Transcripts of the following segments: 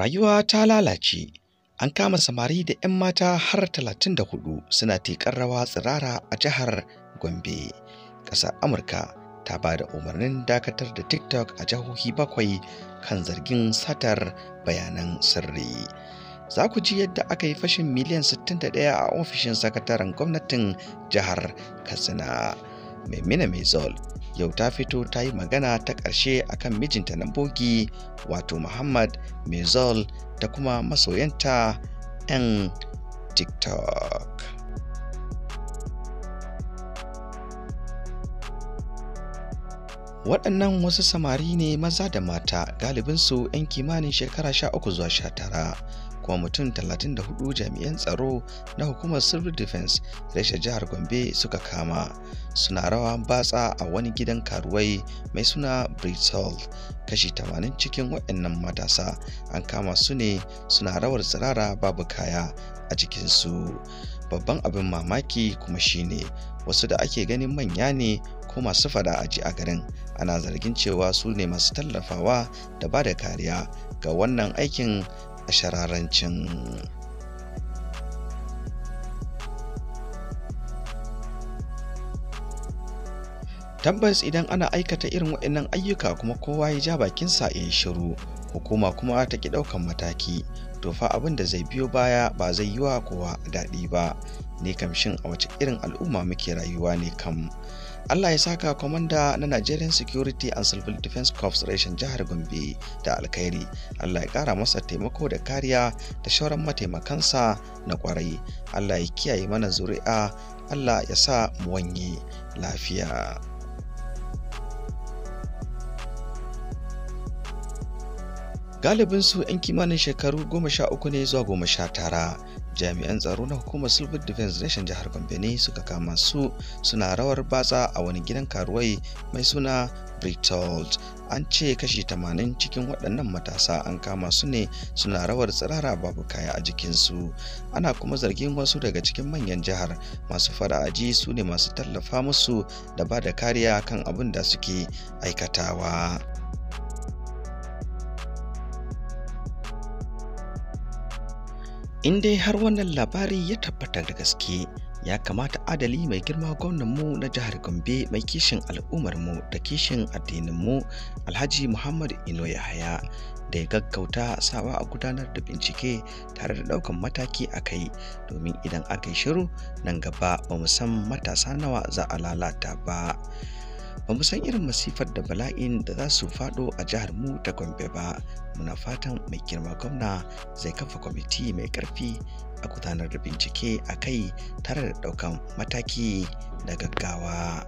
Rayuwa ta lalace, an kama samari da 'yan mata har 34 suna teƙar rawa tsirara a jihar Gombe. Ƙasar Amurka ta ba da umarnin dakatar da TikTok a jihohi bakwai kan zargin satar bayanan sirri. Za ku ji yadda aka yi fashin miliyan 61 a ofishin sakataren gwamnatin jihar Katsina. maimuna mai zol yau ta fito ta yi magana ta ƙarshe kan mijinta na bogi wato muhammad mai zol da kuma masoyanta 'yan tiktok waɗannan wasu samari ne maza da mata galibinsu 'yan kimanin shekara 13 zuwa 19 kuma mutum 34 jami'an tsaro na hukumar civil defense reshe jihar gombe suka kama suna rawa batsa a wani gidan karuwai mai suna bristol kashi 80 cikin waɗannan matasa an kama su ne suna rawar tsirara babu kaya a cikinsu. babban abin mamaki kuma shine wasu da ake ganin manya ne ko masu fada ji a garin ana zargin cewa su ne masu tallafawa da ba da kariya ga wannan aikin a shararancin tabbas idan ana aikata irin waɗannan ayyuka kuma kowa ya ja bakinsa ya yi shiru hukuma kuma ta ki ɗaukan mataki to fa abin da zai biyo baya ba zai yiwa kowa daɗi ba ne kam a wace irin al'umma muke rayuwa ne kam Allah ya saka kwamanda na Nigerian Security and Civil Defense Corps reshen jihar Gombe da alkhairi. Allah ya kara masa taimako da kariya da shauran mataimakansa na kwarai. Allah ya kiyaye mana zuri'a, Allah ya sa mu wanye lafiya. galibinsu 'yan kimanin shekaru goma sha uku ne zuwa goma sha tara jami'an tsaro na hukumar civil defense Nation jihar gombe suka kama su suna rawar batsa a wani gidan karuwai mai suna britold an ce kashi 80 cikin waɗannan matasa an kama su ne suna rawar tsirara babu kaya a jikinsu ana kuma zargin wasu daga cikin manyan jihar masu fara'aji su ne masu tallafa musu da ba da kariya kan abin da suke aikatawa in dai har wannan labari ya tabbatar da gaske ya kamata adali mai girma gwamnanmu na jihar gombe mai kishin al'ummarmu da kishin addininmu alhaji muhammad ino yahaya da ya gaggauta sawa a gudanar da bincike tare da ɗaukan mataki a kai domin idan aka yi shiru nan gaba ba mu san matasa nawa za a lalata ba ba mu san irin masifar da bala'in da za su faɗo a jihar mu ta gombe ba muna fatan mai girma gwamna zai kafa kwamiti mai ƙarfi a gudanar da bincike a kai tare da ɗaukan mataki da gaggawa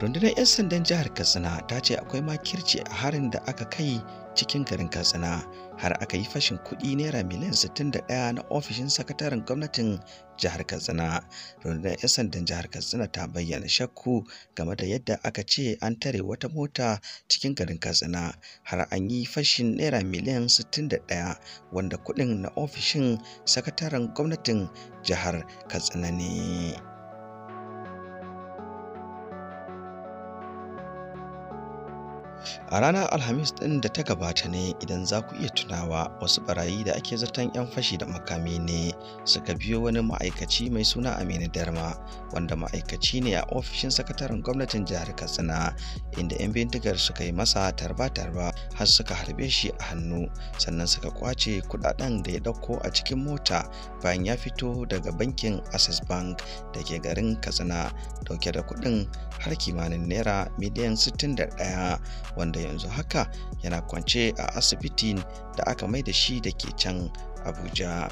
rundunar 'yan sandan jihar katsina ta ce akwai makirci a harin da aka kai cikin garin katsina har aka yi fashin kuɗi naira miliyan 61 na ofishin sakataren gwamnatin jihar katsina rundunar 'yan sandan jihar katsina ta bayyana shakku game da yadda aka ce an tare wata mota cikin garin katsina har an yi fashin naira miliyan 61 wanda kuɗin na ofishin sakataren gwamnatin jihar katsina ne. a ranar alhamis ɗin da ta gabata ne idan za ku iya tunawa wasu barayi da ake zaton 'yan fashi da makami ne suka biyo wani ma'aikaci mai suna aminu darma wanda ma'aikaci ne a ofishin sakataren gwamnatin jihar katsina inda 'yan bindigar suka yi masa tarba-tarba har suka harbe shi a hannu sannan suka kwace kudaden da ya dauko a cikin mota bayan ya fito daga bankin access bank da ke garin katsina dauke da kuɗin har kimanin naira miliyan 61 wanda yanzu haka yana kwance a asibitin da aka mai da shi da ke can abuja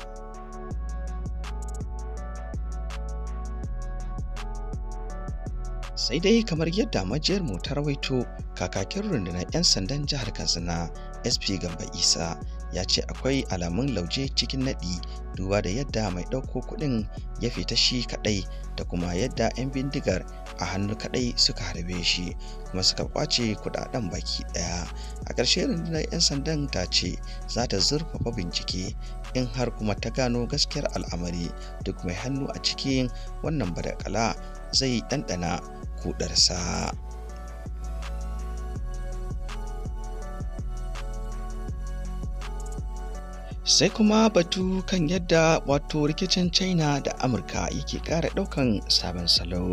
sai dai kamar yadda majiyar motar ta rawaito kakakin rundunar 'yan sandan jihar katsina sp gamba isa ya ce akwai alamun lauje cikin naɗi duba da yadda mai ɗauko kuɗin ya fita shi kaɗai da kuma yadda 'yan bindigar a hannu kaɗai suka harbe shi kuma suka kwace kuɗaɗen baki ɗaya a ƙarshe rundunar 'yan sandan ta ce za ta zurfafa bincike in har kuma ta gano gaskiyar al'amari duk mai hannu a cikin wannan badakala zai ɗanɗana kudarsa. sai kuma batu kan yadda wato rikicin china da amurka yake kara daukan sabon salo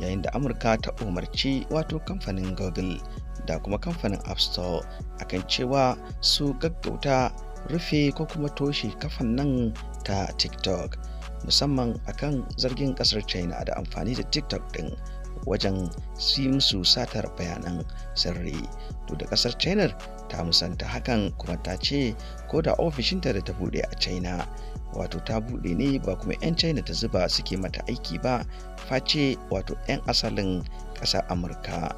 yayin da amurka ta umarci wato kamfanin google da kuma kamfanin app store akan cewa su gaggauta rufe ko kuma toshe kafan nan ta tiktok musamman akan zargin kasar china da amfani da tiktok din wajen su musu satar bayanan sirri to da kasar china ta musanta hakan kuma ta ce ko da ofishinta da ta buɗe a china wato ta buɗe ne ba kuma 'yan china ta zuba suke mata aiki ba face wato 'yan asalin ƙasar amurka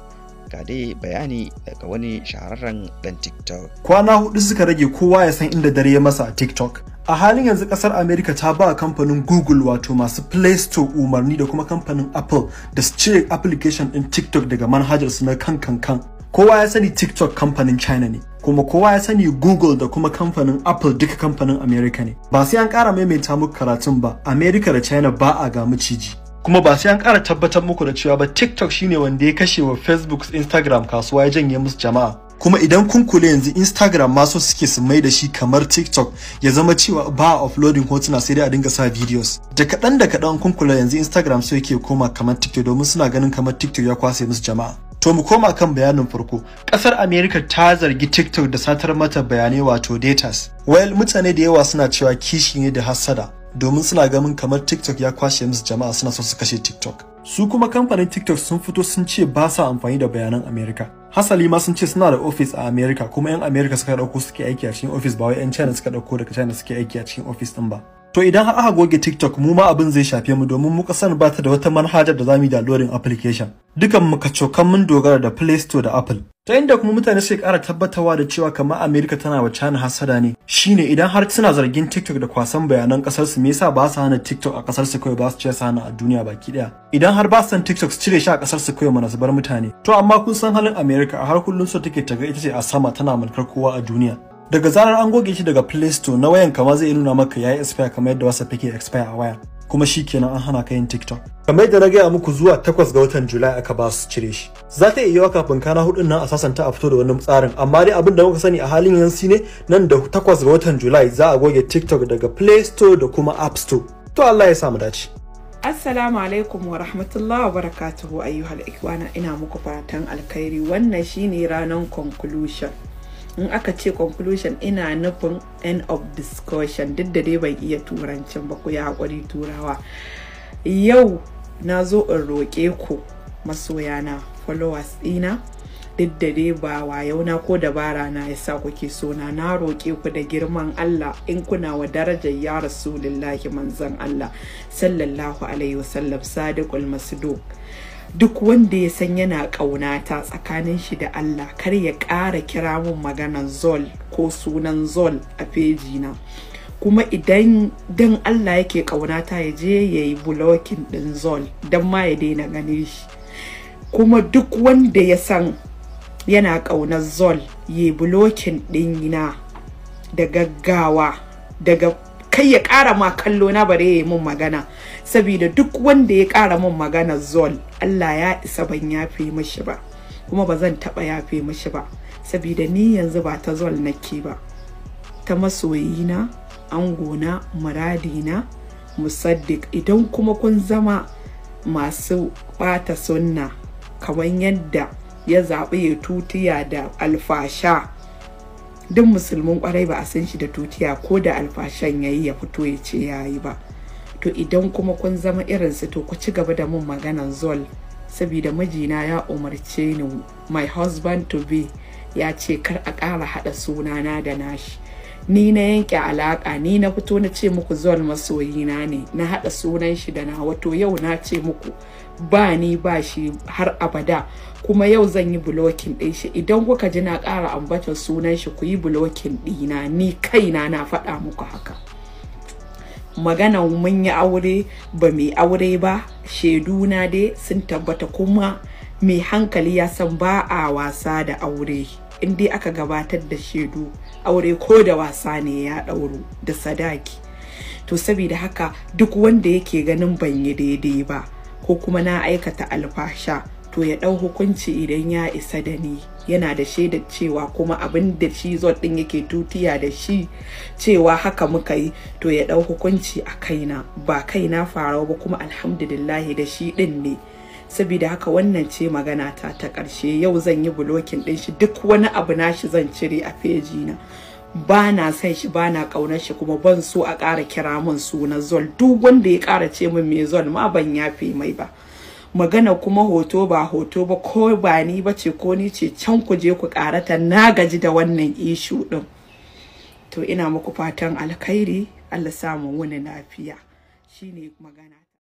ga dai bayani daga wani shahararren ɗan tiktok kwana hudu suka rage kowa ya san inda dare ya masa a tiktok a halin yanzu kasar america ta ba kamfanin google wato masu play store umarni da kuma kamfanin apple da su cire application din tiktok daga manhajar su na kan kan kan kowa ya sani tiktok kamfanin china ne kuma kowa ya sani google da kuma kamfanin apple duka kamfanin america ne ba sai an ƙara maimaita muku karatun ba america da china ba a ga maciji kuma ba sai an ƙara tabbatar muku da cewa ba tiktok shine wanda ya kashe wa facebook instagram kasuwa ya janye musu jama'a kuma idan kun kula yanzu instagram masu suke su mai da shi kamar tiktok ya zama cewa ba a uploading hotuna sai dai a dinga sa videos da kaɗan da kaɗan kun kula yanzu instagram sai yake koma kamar tiktok domin suna ganin kamar tiktok ya kwase musu jama'a To mu koma kan bayanin farko. ƙasar Amerika ta zargi TikTok da satar mata bayanai wato datas. Well, mutane da yawa suna cewa kishi ne da hassada domin suna ganin kamar TikTok ya kwashe musu jama'a suna so su kashe TikTok. Su kuma kamfanin TikTok sun fito sun ce ba sa amfani da bayanan Amerika. Hasali ma sun ce suna da office a Amerika, kuma 'yan Amerika suka dauko suke aiki a cikin office ba wai 'yan China suka dauko daga China suke aiki a cikin office ɗin ba. To idan aka goge TikTok mu ma abin zai shafe mu domin muka san ba ta da wata manhajar da zamu yi downloading application. Dukan mu kacokan mun dogara da Play Store da Apple. Ta inda kuma mutane suke kara tabbatawa da cewa kamar Amerika tana wa China hasada ne. Shine idan har suna zargin TikTok da kwasan bayanan kasar su me yasa ba su hana TikTok a kasar su kawai ba su ce su hana a duniya baki daya. Idan har ba su san TikTok su cire shi a kasar su kawai mana su bar mutane. To amma kun san halin Amerika a har kullun su take ta ita ce a sama tana mulkar kowa a duniya. daga zarar an goge shi daga play store na wayan kama zai nuna maka ya yi expire kamar yadda whatsapp yake expire a waya kuma shi kenan an hana ka yin tiktok kamar yadda na gaya muku zuwa 8 ga watan july aka ba su cire shi za ta iya kafin kana hudun nan a sasanta a fito da wani tsarin amma dai abin da muka sani a halin yanzu ne nan da 8 ga watan july za a goge tiktok daga play store da kuma app store to allah ya samu dace Assalamu alaikum wa rahmatullahi wa barakatuhu ayyuhal ikwana ina muku fatan alkhairi wannan shine ranar conclusion in aka ce conclusion ina nufin end of discussion duk da dai ban iya turancin ba ku ya haƙuri turawa yau na zo in roƙe ku masoyana followers ɗina duk da dai ba wayau na ko dabara na ya sa kuke so na na roƙe ku da girman Allah in kuna wa darajar ya lillahi manzon Allah sallallahu alaihi wasallam sadiqul masduq duk wanda ya san yana ƙaunata tsakanin shi da Allah kar ya ƙara kira mun maganan zol ko sunan zol a feji na kuma idan dan Allah yake ƙaunata ya je ya yi bulokin ɗin zol don ma ya daina gane shi kuma duk wanda ya san yana ƙaunar zol ya yi bulokin ɗin na da gaggawa daga kai ya ƙara ma kallo na bare ya yi mun magana saboda duk wanda ya ƙara mun magana zol Allah ya isa ban yafe mashi ba kuma ba zan taɓa yafe mashi ba saboda ni yanzu ba ta zol nake ba ta masoyina angona muradina musaddiq idan kuma kun zama masu ɓata sunna kamar yadda ya zaɓi ya tutiya da alfasha duk musulmin kwarai ba a san shi da tutiya ko da alfashan ya yi ya fito ya ce ya yi ba to idan kuma kun zama irin su to ku ci gaba da mun maganan zol saboda mijina ya umarce ni my husband to be ya ce kar a ƙara haɗa sunana da nashi ni na yanke alaƙa ni na fito na ce muku zol masoyina ne na haɗa sunan shi da na wato yau na ce muku ba ni ba shi har abada kuma yau zan yi blocking ɗin shi idan kuka ji na ƙara ambatar sunan shi ku yi blocking ɗina ni kaina na faɗa muku haka magana mun yi aure ba mai aure ba Shaidu na dai sun tabbata kuma mai hankali ya san ba a wasa da aure in dai aka gabatar da shaidu aure ko da wasa ne ya ɗauro da sadaki to saboda haka duk wanda yake ganin ban yi daidai ba ko kuma na aikata alfasha to ya ɗau hukunci idan ya isa da ni yana da shaidar cewa kuma abin da shi zot ɗin yake tutiya da shi cewa haka muka yi to ya ɗau hukunci a kaina ba kaina farau ba kuma alhamdulillahi da shi ɗin ne saboda haka wannan ce magana ta ta ƙarshe yau zan yi bulokin ɗin shi duk wani abu na shi zan cire a feji na ba na son shi ba na shi kuma ban so a ƙara kira min suna zol duk wanda ya ƙara ce min me zol ma ban yafe mai ba magana kuma hoto ba hoto ba ko ba ni ba ce ko ni ce can ku je ku ƙarata. na gaji da wannan ishu ɗin. to ina muku fatan alkhairi Allah samu wani lafiya shine magana